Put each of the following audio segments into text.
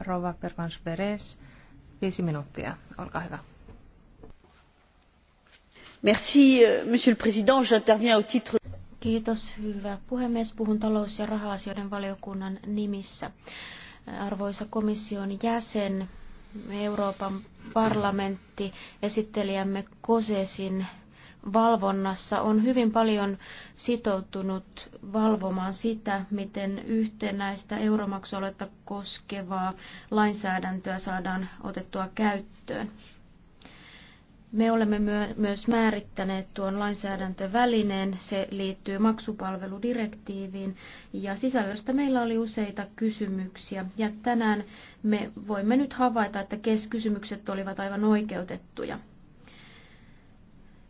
Rova Perkans Beres, viisi minuuttia. Olkaa hyvä. Merci, euh, monsieur le président. J'interviens au titre... Kiitos, hyvä puhemies. Puhun talous- ja raha-asioiden valiokunnan nimissä. Arvoisa komission jäsen, Euroopan parlamentti, esittelijämme Kosesin valvonnassa on hyvin paljon sitoutunut valvomaan sitä, miten yhtenäistä euromaksualuetta koskevaa lainsäädäntöä saadaan otettua käyttöön. Me olemme myös määrittäneet tuon lainsäädäntövälineen. Se liittyy maksupalveludirektiiviin ja sisällöstä meillä oli useita kysymyksiä. Ja tänään me voimme nyt havaita, että kes kysymykset olivat aivan oikeutettuja.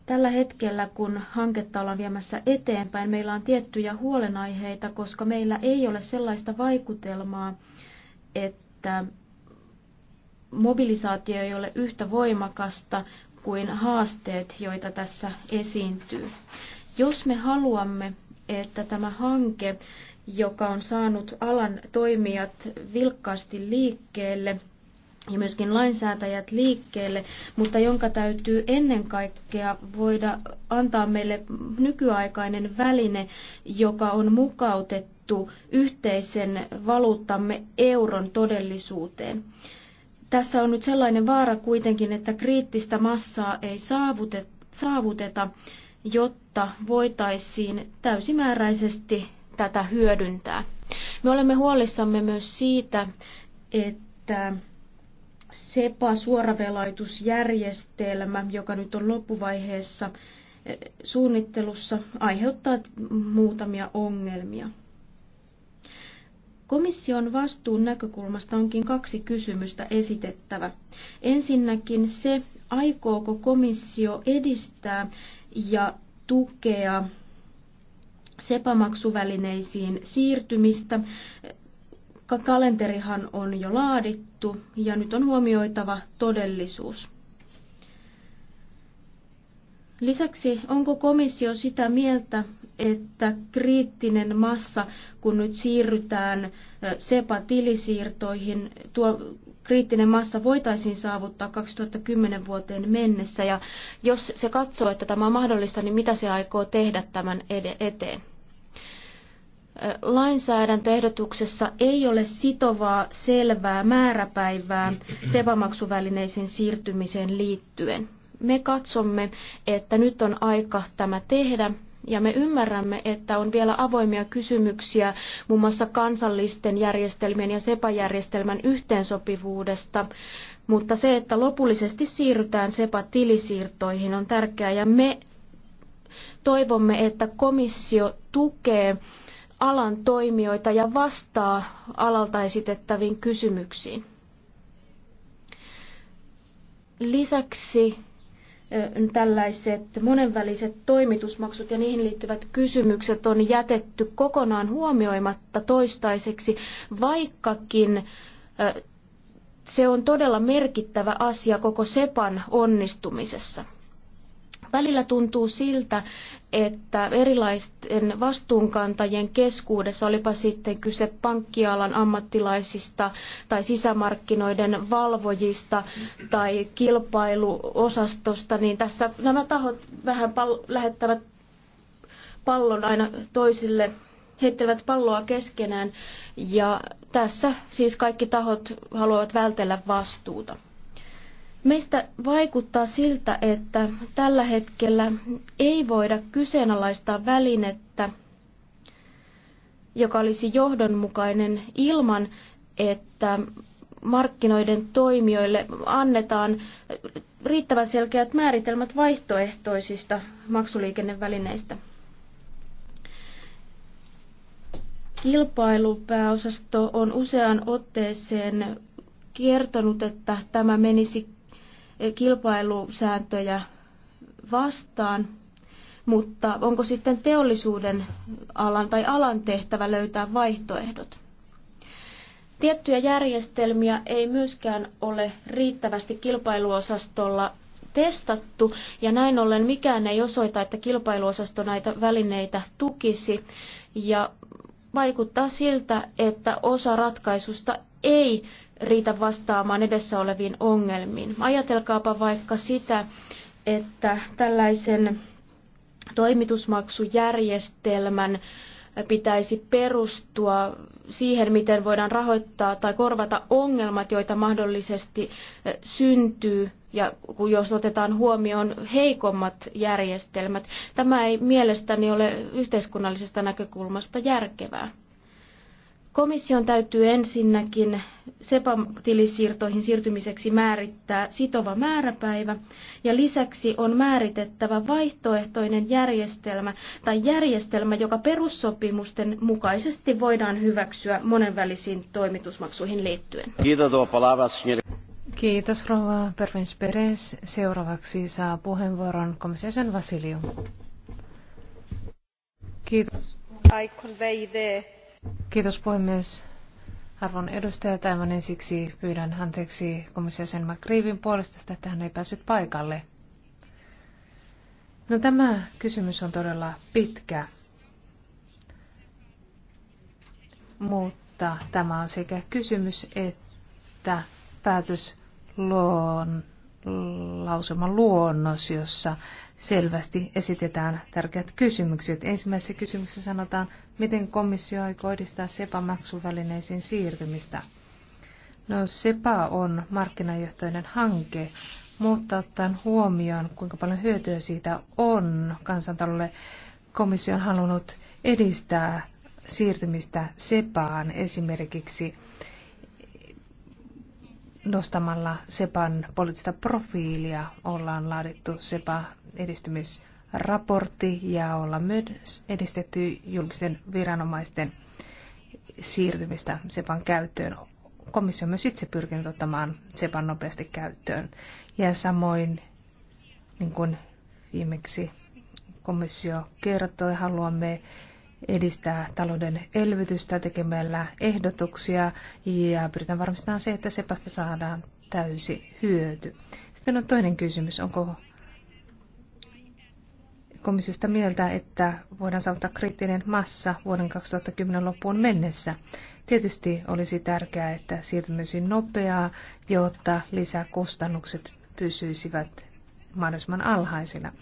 Tällä hetkellä, kun hanketta ollaan viemässä eteenpäin, meillä on tiettyjä huolenaiheita, koska meillä ei ole sellaista vaikutelmaa, että mobilisaatio ei ole yhtä voimakasta kuin haasteet, joita tässä esiintyy. Jos me haluamme, että tämä hanke, joka on saanut alan toimijat vilkkaasti liikkeelle, ja myöskin lainsäätäjät liikkeelle, mutta jonka täytyy ennen kaikkea voida antaa meille nykyaikainen väline, joka on mukautettu yhteisen valuuttamme euron todellisuuteen. Tässä on nyt sellainen vaara kuitenkin, että kriittistä massaa ei saavuteta, jotta voitaisiin täysimääräisesti tätä hyödyntää. Me olemme huolissamme myös siitä, että SEPA-suoravelaitusjärjestelmä, joka nyt on loppuvaiheessa eh, suunnittelussa, aiheuttaa muutamia ongelmia. Komission vastuun näkökulmasta onkin kaksi kysymystä esitettävä. Ensinnäkin se, aikooko komissio edistää ja tukea sepamaksuvälineisiin siirtymistä kalenterihan on jo laadittu ja nyt on huomioitava todellisuus. Lisäksi onko komissio sitä mieltä, että kriittinen massa, kun nyt siirrytään SEPA-tilisiirtoihin, tuo kriittinen massa voitaisiin saavuttaa 2010 vuoteen mennessä ja jos se katsoo, että tämä on mahdollista, niin mitä se aikoo tehdä tämän eteen? lainsäädäntöehdotuksessa ei ole sitovaa selvää määräpäivää sevamaksuvälineisiin siirtymiseen liittyen. Me katsomme, että nyt on aika tämä tehdä ja me ymmärrämme, että on vielä avoimia kysymyksiä muun mm. muassa kansallisten järjestelmien ja SEPA-järjestelmän yhteensopivuudesta, mutta se, että lopullisesti siirrytään SEPA-tilisiirtoihin on tärkeää ja me toivomme, että komissio tukee alan toimijoita ja vastaa alalta esitettäviin kysymyksiin. Lisäksi tällaiset monenväliset toimitusmaksut ja niihin liittyvät kysymykset on jätetty kokonaan huomioimatta toistaiseksi, vaikkakin se on todella merkittävä asia koko SEPAn onnistumisessa. Välillä tuntuu siltä, että erilaisten vastuunkantajien keskuudessa, olipa sitten kyse pankkialan ammattilaisista tai sisämarkkinoiden valvojista tai kilpailuosastosta, niin tässä nämä tahot vähän pal- lähettävät pallon aina toisille, heittävät palloa keskenään ja tässä siis kaikki tahot haluavat vältellä vastuuta. Meistä vaikuttaa siltä, että tällä hetkellä ei voida kyseenalaistaa välinettä, joka olisi johdonmukainen ilman, että markkinoiden toimijoille annetaan riittävän selkeät määritelmät vaihtoehtoisista maksuliikennevälineistä. Kilpailupääosasto on useaan otteeseen kertonut, että tämä menisi kilpailusääntöjä vastaan, mutta onko sitten teollisuuden alan tai alan tehtävä löytää vaihtoehdot? Tiettyjä järjestelmiä ei myöskään ole riittävästi kilpailuosastolla testattu, ja näin ollen mikään ei osoita, että kilpailuosasto näitä välineitä tukisi, ja vaikuttaa siltä, että osa ratkaisusta ei riitä vastaamaan edessä oleviin ongelmiin. Ajatelkaapa vaikka sitä, että tällaisen toimitusmaksujärjestelmän pitäisi perustua siihen, miten voidaan rahoittaa tai korvata ongelmat, joita mahdollisesti eh, syntyy, ja jos otetaan huomioon heikommat järjestelmät. Tämä ei mielestäni ole yhteiskunnallisesta näkökulmasta järkevää. Komission täytyy ensinnäkin sepatilisiirtoihin siirtymiseksi määrittää sitova määräpäivä ja lisäksi on määritettävä vaihtoehtoinen järjestelmä tai järjestelmä, joka perussopimusten mukaisesti voidaan hyväksyä monenvälisiin toimitusmaksuihin liittyen. Kiitos rouva Pervins Perez. Seuraavaksi saa puheenvuoron komission Vasiliu. Kiitos. I convey the Kiitos puhemies. Arvon edustaja Taivanen, siksi pyydän anteeksi komissiosen McReevin puolesta, että hän ei päässyt paikalle. No tämä kysymys on todella pitkä, mutta tämä on sekä kysymys että päätös lausuman luonnos, jossa selvästi esitetään tärkeät kysymykset. Ensimmäisessä kysymyksessä sanotaan, miten komissio aikoo edistää SEPA-maksuvälineisiin siirtymistä. No SEPA on markkinajohtoinen hanke, mutta ottaen huomioon, kuinka paljon hyötyä siitä on kansantalolle, komissio on halunnut edistää siirtymistä SEPAan esimerkiksi nostamalla SEPAn poliittista profiilia ollaan laadittu SEPA edistymisraportti ja ollaan myös edistetty julkisten viranomaisten siirtymistä SEPAn käyttöön. Komissio on myös itse pyrkinyt ottamaan SEPAn nopeasti käyttöön. Ja samoin, niin kuin viimeksi komissio kertoi, haluamme edistää talouden elvytystä tekemällä ehdotuksia ja pyritään varmistamaan se, että sepasta saadaan täysi hyöty. Sitten on toinen kysymys, onko komissiosta mieltä, että voidaan saavuttaa kriittinen massa vuoden 2010 loppuun mennessä. Tietysti olisi tärkeää, että siirtymisiin nopeaa, jotta lisäkustannukset pysyisivät mahdollisimman alhaisina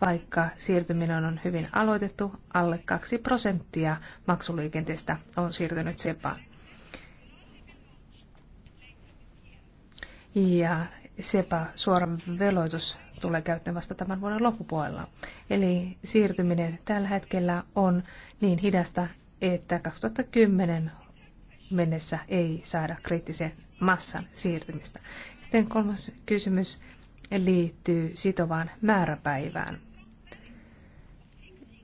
vaikka siirtyminen on hyvin aloitettu, alle 2 prosenttia maksuliikenteestä on siirtynyt SEPAan. Ja SEPA suora veloitus tulee käyttöön vasta tämän vuoden loppupuolella. Eli siirtyminen tällä hetkellä on niin hidasta, että 2010 mennessä ei saada kriittisen massan siirtymistä. Sitten kolmas kysymys liittyy sitovaan määräpäivään.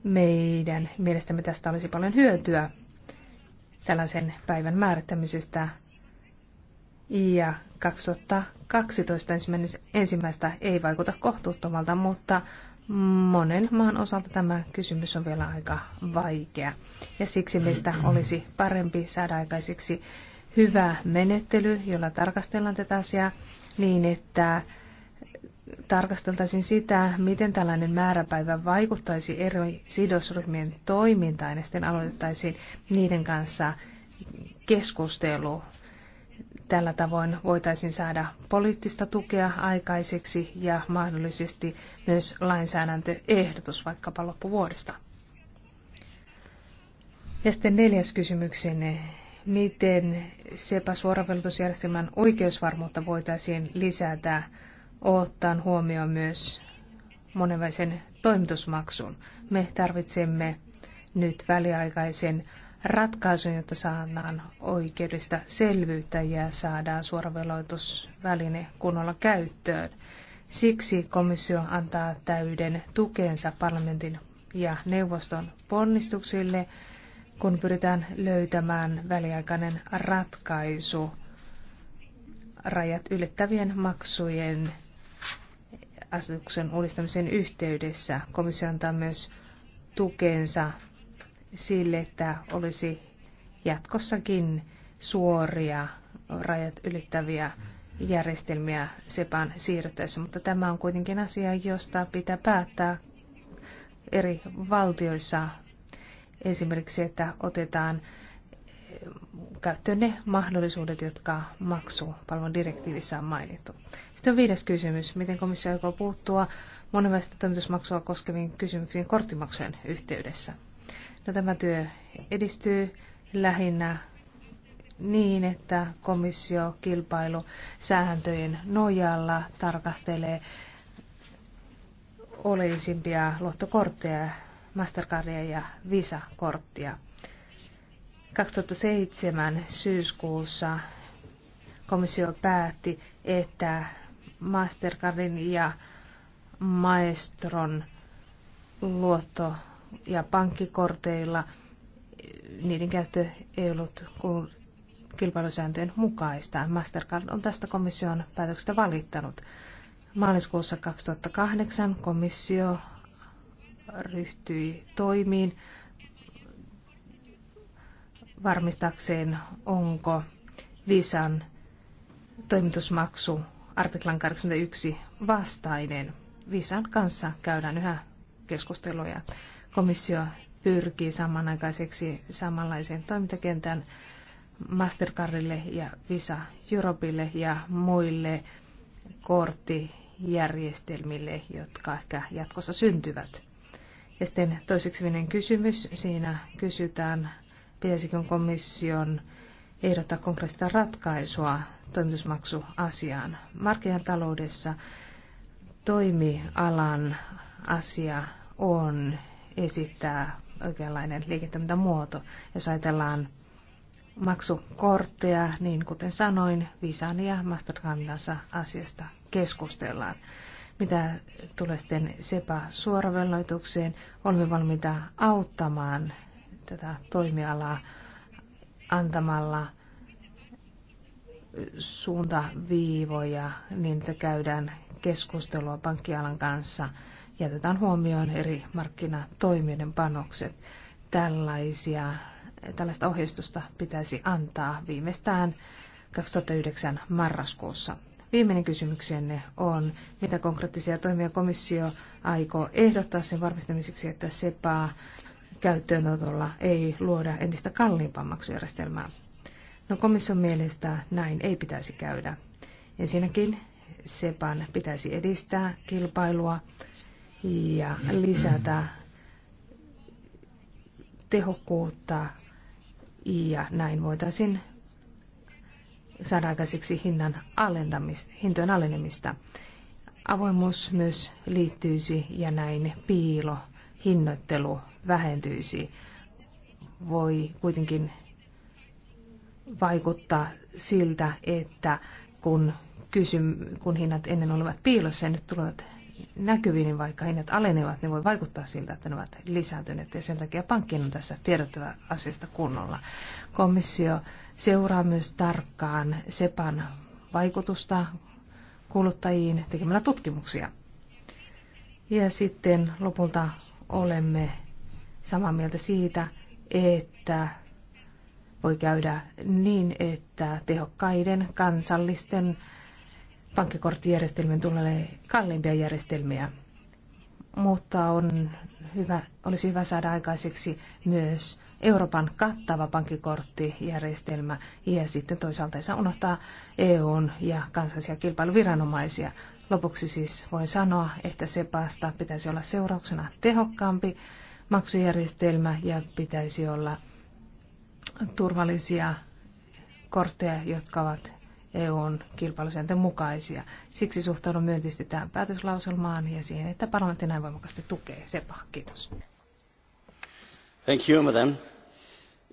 Meidän mielestämme tästä olisi paljon hyötyä tällaisen päivän määrittämisestä ja 2012 ensimmäistä ei vaikuta kohtuuttomalta, mutta monen maan osalta tämä kysymys on vielä aika vaikea. Ja siksi meistä olisi parempi saada aikaiseksi hyvä menettely, jolla tarkastellaan tätä asiaa niin, että tarkasteltaisiin sitä, miten tällainen määräpäivä vaikuttaisi eri sidosryhmien toimintaan ja sitten aloitettaisiin niiden kanssa keskustelu. Tällä tavoin voitaisiin saada poliittista tukea aikaiseksi ja mahdollisesti myös lainsäädäntöehdotus vaikkapa loppuvuodesta. Ja sitten neljäs kysymyksenne miten SEPA-suoravelutusjärjestelmän oikeusvarmuutta voitaisiin lisätä ottaen huomioon myös monenlaisen toimitusmaksun. Me tarvitsemme nyt väliaikaisen ratkaisun, jotta saadaan oikeudesta selvyyttä ja saadaan suoraveloitusväline kunnolla käyttöön. Siksi komissio antaa täyden tukensa parlamentin ja neuvoston ponnistuksille, kun pyritään löytämään väliaikainen ratkaisu rajat ylittävien maksujen asetuksen uudistamisen yhteydessä. Komissio antaa myös tukensa sille, että olisi jatkossakin suoria rajat ylittäviä järjestelmiä SEPAn siirryttäessä, mutta tämä on kuitenkin asia, josta pitää päättää eri valtioissa. Esimerkiksi, että otetaan käyttöön ne mahdollisuudet, jotka maksupalvelun direktiivissä on mainittu. Sitten on viides kysymys. Miten komissio aikoo puuttua monenlaista toimitusmaksua koskeviin kysymyksiin korttimaksujen yhteydessä? No, tämä työ edistyy lähinnä niin, että komissio kilpailusääntöjen nojalla tarkastelee oleisimpia luottokortteja, Mastercardia ja Visa-korttia. 2007 syyskuussa komissio päätti, että Mastercardin ja Maestron luotto- ja pankkikorteilla niiden käyttö ei ollut kilpailusääntöjen mukaista. Mastercard on tästä komission päätöksestä valittanut. Maaliskuussa 2008 komissio ryhtyi toimiin varmistakseen, onko Visan toimitusmaksu artiklan 81 vastainen. Visan kanssa käydään yhä keskusteluja. Komissio pyrkii samanaikaiseksi samanlaiseen toimintakentän Mastercardille ja Visa Europeille ja muille korttijärjestelmille, jotka ehkä jatkossa syntyvät. Ja sitten toiseksi kysymys. Siinä kysytään, pitäisikö komission ehdottaa konkreettista ratkaisua toimitusmaksuasiaan. Markkinataloudessa toimialan asia on esittää oikeanlainen liiketoimintamuoto. Jos ajatellaan maksukortteja, niin kuten sanoin, Visan ja Mastercardinsa asiasta keskustellaan. Mitä tulee sitten SEPA suoravelloitukseen, olemme valmiita auttamaan tätä toimialaa antamalla suuntaviivoja, niin että käydään keskustelua pankkialan kanssa ja otetaan huomioon eri markkinatoimijoiden panokset. Tällaisia, tällaista ohjeistusta pitäisi antaa viimeistään 2009 marraskuussa. Viimeinen kysymyksenne on, mitä konkreettisia toimia komissio aikoo ehdottaa sen varmistamiseksi, että SEPA käyttöönotolla ei luoda entistä kalliimpaa maksujärjestelmää? No komission mielestä näin ei pitäisi käydä. Ensinnäkin SEPAN pitäisi edistää kilpailua ja lisätä tehokkuutta ja näin voitaisiin saada aikaiseksi hinnan alentamista, hintojen alenemista. Avoimuus myös liittyisi ja näin piilo hinnoittelu vähentyisi. Voi kuitenkin vaikuttaa siltä, että kun, kysym- kun hinnat ennen olivat piilossa ja nyt tulevat näkyviin, niin vaikka hinnat alenevat, niin voi vaikuttaa siltä, että ne ovat lisääntyneet. Ja sen takia pankkien on tässä tiedottava asioista kunnolla. Komissio seuraa myös tarkkaan SEPAN vaikutusta kuluttajiin tekemällä tutkimuksia. Ja sitten lopulta olemme samaa mieltä siitä, että voi käydä niin, että tehokkaiden kansallisten pankkikorttijärjestelmien tulee kalliimpia järjestelmiä. Mutta on hyvä, olisi hyvä saada aikaiseksi myös Euroopan kattava pankkikorttijärjestelmä ja sitten toisaalta ei saa unohtaa EUn ja kansallisia kilpailuviranomaisia. Lopuksi siis voi sanoa, että sepasta pitäisi olla seurauksena tehokkaampi maksujärjestelmä ja pitäisi olla turvallisia kortteja, jotka ovat EUn kilpailusääntön mukaisia. Siksi suhtaudun myönteisesti tähän päätöslauselmaan ja siihen, että parlamentti näin voimakkaasti tukee SEPA. Kiitos. Thank you, madam.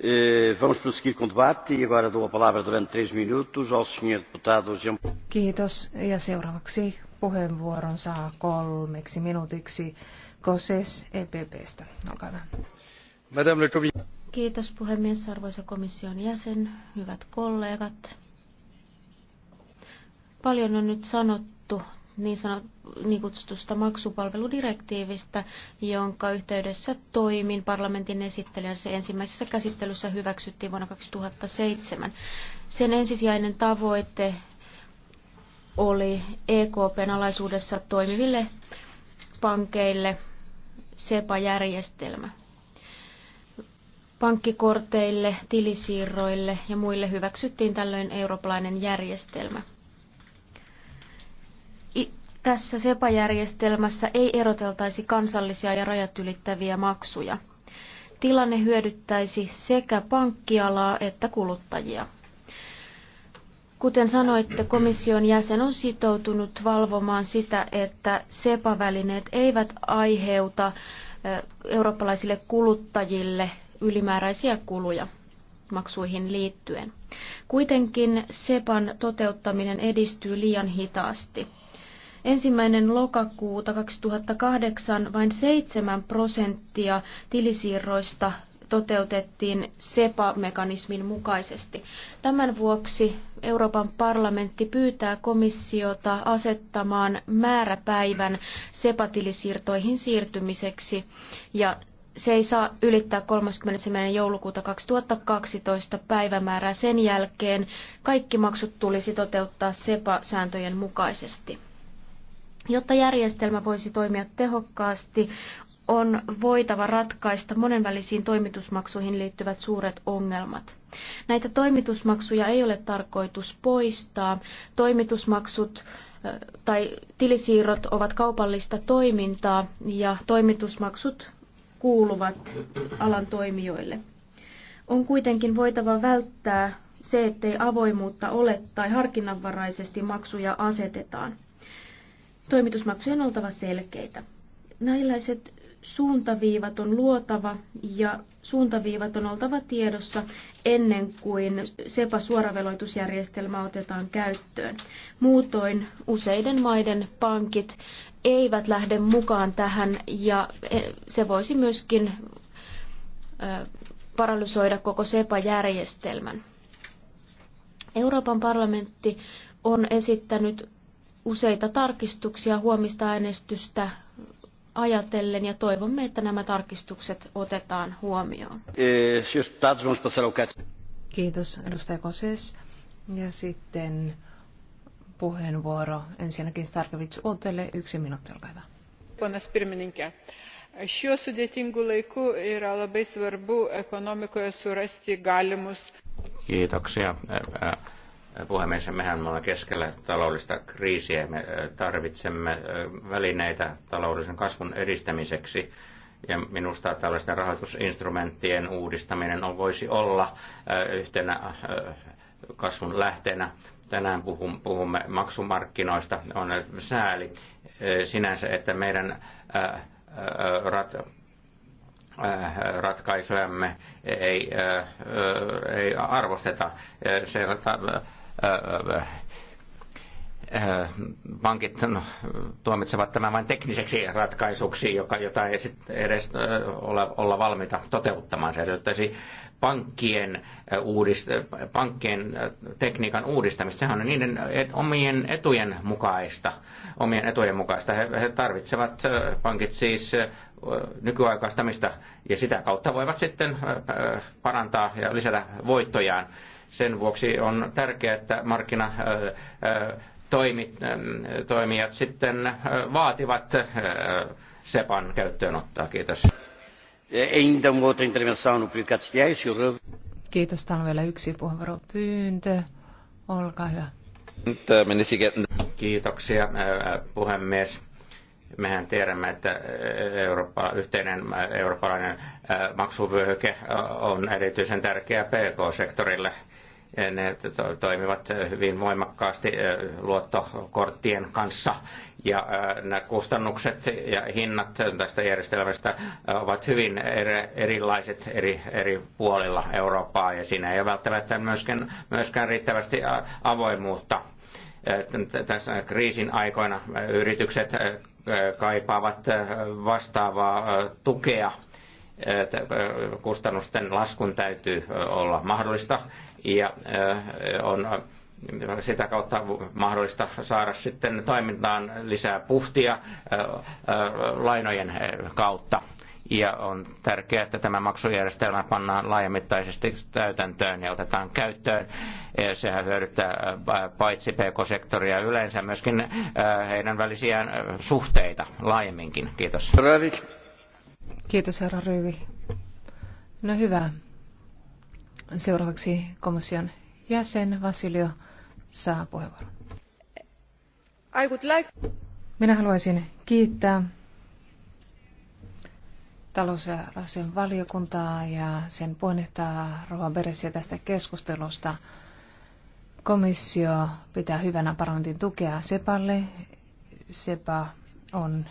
Eh, vamos prosseguir com o debate e agora dou a palavra durante três minutos ao senhor deputado Jean. Kiitos ja seuraavaksi puheenvuoron saa kolmeksi minuutiksi Koses EPPstä. Olkaa hyvä. Madame le Kiitos puhemies, arvoisa komission jäsen, hyvät kollegat. Paljon on nyt sanottu niin, sanot, niin kutsutusta maksupalveludirektiivistä, jonka yhteydessä toimin parlamentin esittelijän. Se ensimmäisessä käsittelyssä hyväksyttiin vuonna 2007. Sen ensisijainen tavoite oli EKPn alaisuudessa toimiville pankeille SEPA-järjestelmä pankkikorteille, tilisiirroille ja muille hyväksyttiin tällöin eurooppalainen järjestelmä. Tässä SEPA-järjestelmässä ei eroteltaisi kansallisia ja rajat ylittäviä maksuja. Tilanne hyödyttäisi sekä pankkialaa että kuluttajia. Kuten sanoitte, komission jäsen on sitoutunut valvomaan sitä, että SEPA-välineet eivät aiheuta eurooppalaisille kuluttajille ylimääräisiä kuluja maksuihin liittyen. Kuitenkin SEPAn toteuttaminen edistyy liian hitaasti. Ensimmäinen lokakuuta 2008 vain 7 prosenttia tilisiirroista toteutettiin SEPA-mekanismin mukaisesti. Tämän vuoksi Euroopan parlamentti pyytää komissiota asettamaan määräpäivän SEPA-tilisiirtoihin siirtymiseksi ja se ei saa ylittää 31. joulukuuta 2012 päivämäärää sen jälkeen. Kaikki maksut tulisi toteuttaa SEPA-sääntöjen mukaisesti. Jotta järjestelmä voisi toimia tehokkaasti, on voitava ratkaista monenvälisiin toimitusmaksuihin liittyvät suuret ongelmat. Näitä toimitusmaksuja ei ole tarkoitus poistaa. Toimitusmaksut tai tilisiirrot ovat kaupallista toimintaa ja toimitusmaksut kuuluvat alan toimijoille. On kuitenkin voitava välttää se, ettei avoimuutta ole tai harkinnanvaraisesti maksuja asetetaan. Toimitusmaksujen on oltava selkeitä. Näilläiset suuntaviivat on luotava ja suuntaviivat on oltava tiedossa ennen kuin SEPA suoraveloitusjärjestelmä otetaan käyttöön. Muutoin useiden maiden pankit eivät lähde mukaan tähän ja e, se voisi myöskin paralysoida koko SEPA-järjestelmän. Euroopan parlamentti on esittänyt useita tarkistuksia huomista äänestystä ajatellen ja toivomme, että nämä tarkistukset otetaan huomioon. Kiitos, edustaja Koses. Ja sitten puheenvuoro ensinnäkin Starkevits Uutelle. Yksi minuutti, olkaa hyvä. Pana Spirmininkä. šiuo sudėtingu laiku yra labai svarbu ekonomikoje surasti galimus. Kiitoksia puhemies, mehän olemme keskellä taloudellista kriisiä. Me tarvitsemme välineitä taloudellisen kasvun edistämiseksi. Ja minusta tällaisten rahoitusinstrumenttien uudistaminen on, voisi olla yhtenä kasvun lähteenä. Tänään puhumme maksumarkkinoista. On sääli sinänsä, että meidän rat, ratkaisujamme ei, ei arvosteta. Se Äh, äh, äh, pankit no, tuomitsevat tämän vain tekniseksi ratkaisuksi, joka, jota ei sit edes ole, olla valmiita toteuttamaan. Se edellyttäisi pankkien, uudist, pankkien tekniikan uudistamista. Sehän on niiden et, omien etujen mukaista. Omien etujen mukaista. He, he tarvitsevat pankit siis nykyaikaistamista ja sitä kautta voivat sitten parantaa ja lisätä voittojaan. Sen vuoksi on tärkeää, että markkina toimijat sitten vaativat SEPAn käyttöönottoa. Kiitos. E no Kiitos. Täällä on vielä yksi puheenvuoropyyntö. Olkaa hyvä. Kiitoksia puhemies mehän tiedämme, että Eurooppa, yhteinen äh, eurooppalainen äh, maksuvyöhyke äh, on erityisen tärkeä PK-sektorille. Ne toimivat hyvin voimakkaasti luottokorttien kanssa ja nämä kustannukset ja hinnat tästä järjestelmästä ovat hyvin erilaiset eri, eri puolilla Eurooppaa ja siinä ei ole välttämättä myöskään, myöskään riittävästi avoimuutta tässä kriisin aikoina yritykset kaipaavat äh, vastaavaa äh, tukea. Äh, kustannusten laskun täytyy olla mahdollista ja on sitä kautta mahdollista saada sitten toimintaan lisää puhtia lainojen kautta ja on tärkeää, että tämä maksujärjestelmä pannaan laajamittaisesti täytäntöön ja otetaan käyttöön. Sehän hyödyttää äh, paitsi PK-sektoria yleensä, myöskin äh, heidän välisiään äh, suhteita laajemminkin. Kiitos. Rövik. Kiitos, herra Ryvi. No hyvä. Seuraavaksi komission jäsen Vasilio saa puheenvuoron. Minä haluaisin kiittää talous- ja asian valiokuntaa ja sen puheenjohtaja Rova Beresiä tästä keskustelusta. Komissio pitää hyvänä parlamentin tukea SEPAlle. SEPA on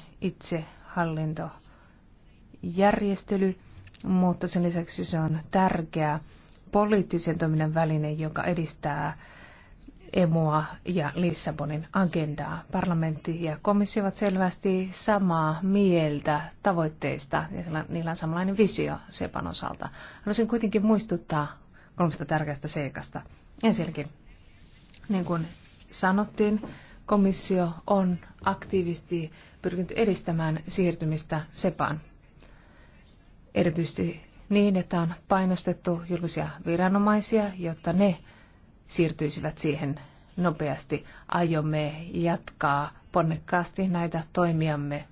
hallintojärjestely, mutta sen lisäksi se on tärkeä poliittisen toiminnan väline, joka edistää emua ja Lissabonin agendaa. Parlamentti ja komissio ovat selvästi samaa mieltä tavoitteista ja niillä on samanlainen visio SEPAN osalta. Haluaisin kuitenkin muistuttaa kolmesta tärkeästä seikasta. Ensinnäkin, niin kuin sanottiin, komissio on aktiivisesti pyrkinyt edistämään siirtymistä SEPAan. Erityisesti niin, että on painostettu julkisia viranomaisia, jotta ne siirtyisivät siihen nopeasti. Aiomme jatkaa ponnekkaasti näitä toimiamme.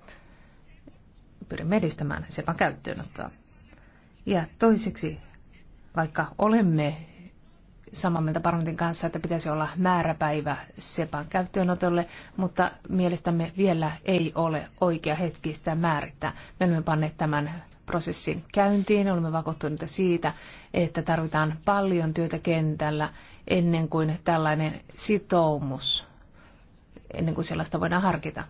Pyrimme edistämään SEPAn käyttöönottoa. Ja toiseksi, vaikka olemme samaa mieltä parlamentin kanssa, että pitäisi olla määräpäivä SEPAn käyttöönotolle, mutta mielestämme vielä ei ole oikea hetki sitä määrittää. Me olemme panneet tämän prosessin käyntiin. Olemme vakuuttuneita siitä, että tarvitaan paljon työtä kentällä ennen kuin tällainen sitoumus, ennen kuin sellaista voidaan harkita.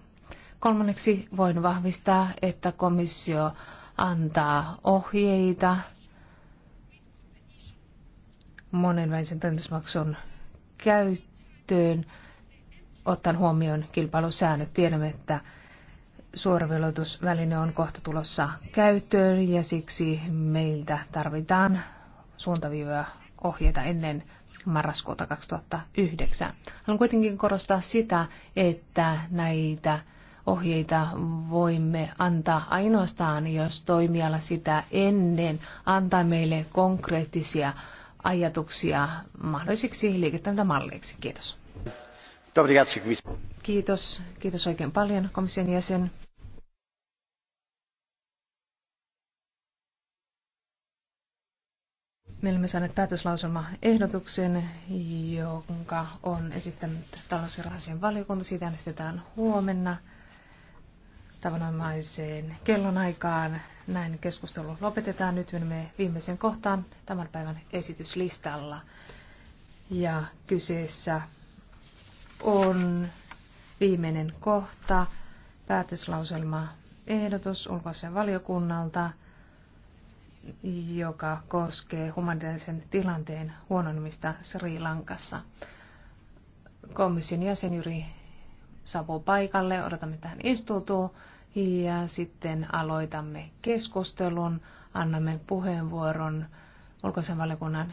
Kolmanneksi voin vahvistaa, että komissio antaa ohjeita monenväisen toimitusmaksun käyttöön, ottaen huomioon kilpailusäännöt. Tiedämme, että suoraveloitusväline on kohta tulossa käyttöön ja siksi meiltä tarvitaan suuntaviivoja ohjeita ennen marraskuuta 2009. Haluan kuitenkin korostaa sitä, että näitä ohjeita voimme antaa ainoastaan, jos toimiala sitä ennen antaa meille konkreettisia ajatuksia mahdollisiksi liiketoimintamalleiksi. Kiitos. Kiitos. Kiitos oikein paljon komission jäsen. Me olemme saaneet päätöslauselmaehdotuksen, jonka on esittänyt talous- ja valiokunta. Siitä äänestetään huomenna tavanomaiseen kellonaikaan. Näin keskustelu lopetetaan. Nyt menemme viimeisen kohtaan tämän päivän esityslistalla. Ja kyseessä on viimeinen kohta, päätöslauselma ehdotus ulkoisen valiokunnalta joka koskee humanitaarisen tilanteen huononemista Sri Lankassa. Komission jäsen Jyri saapuu paikalle, odotamme, että hän istuutuu ja sitten aloitamme keskustelun. Annamme puheenvuoron ulkoisen valiokunnan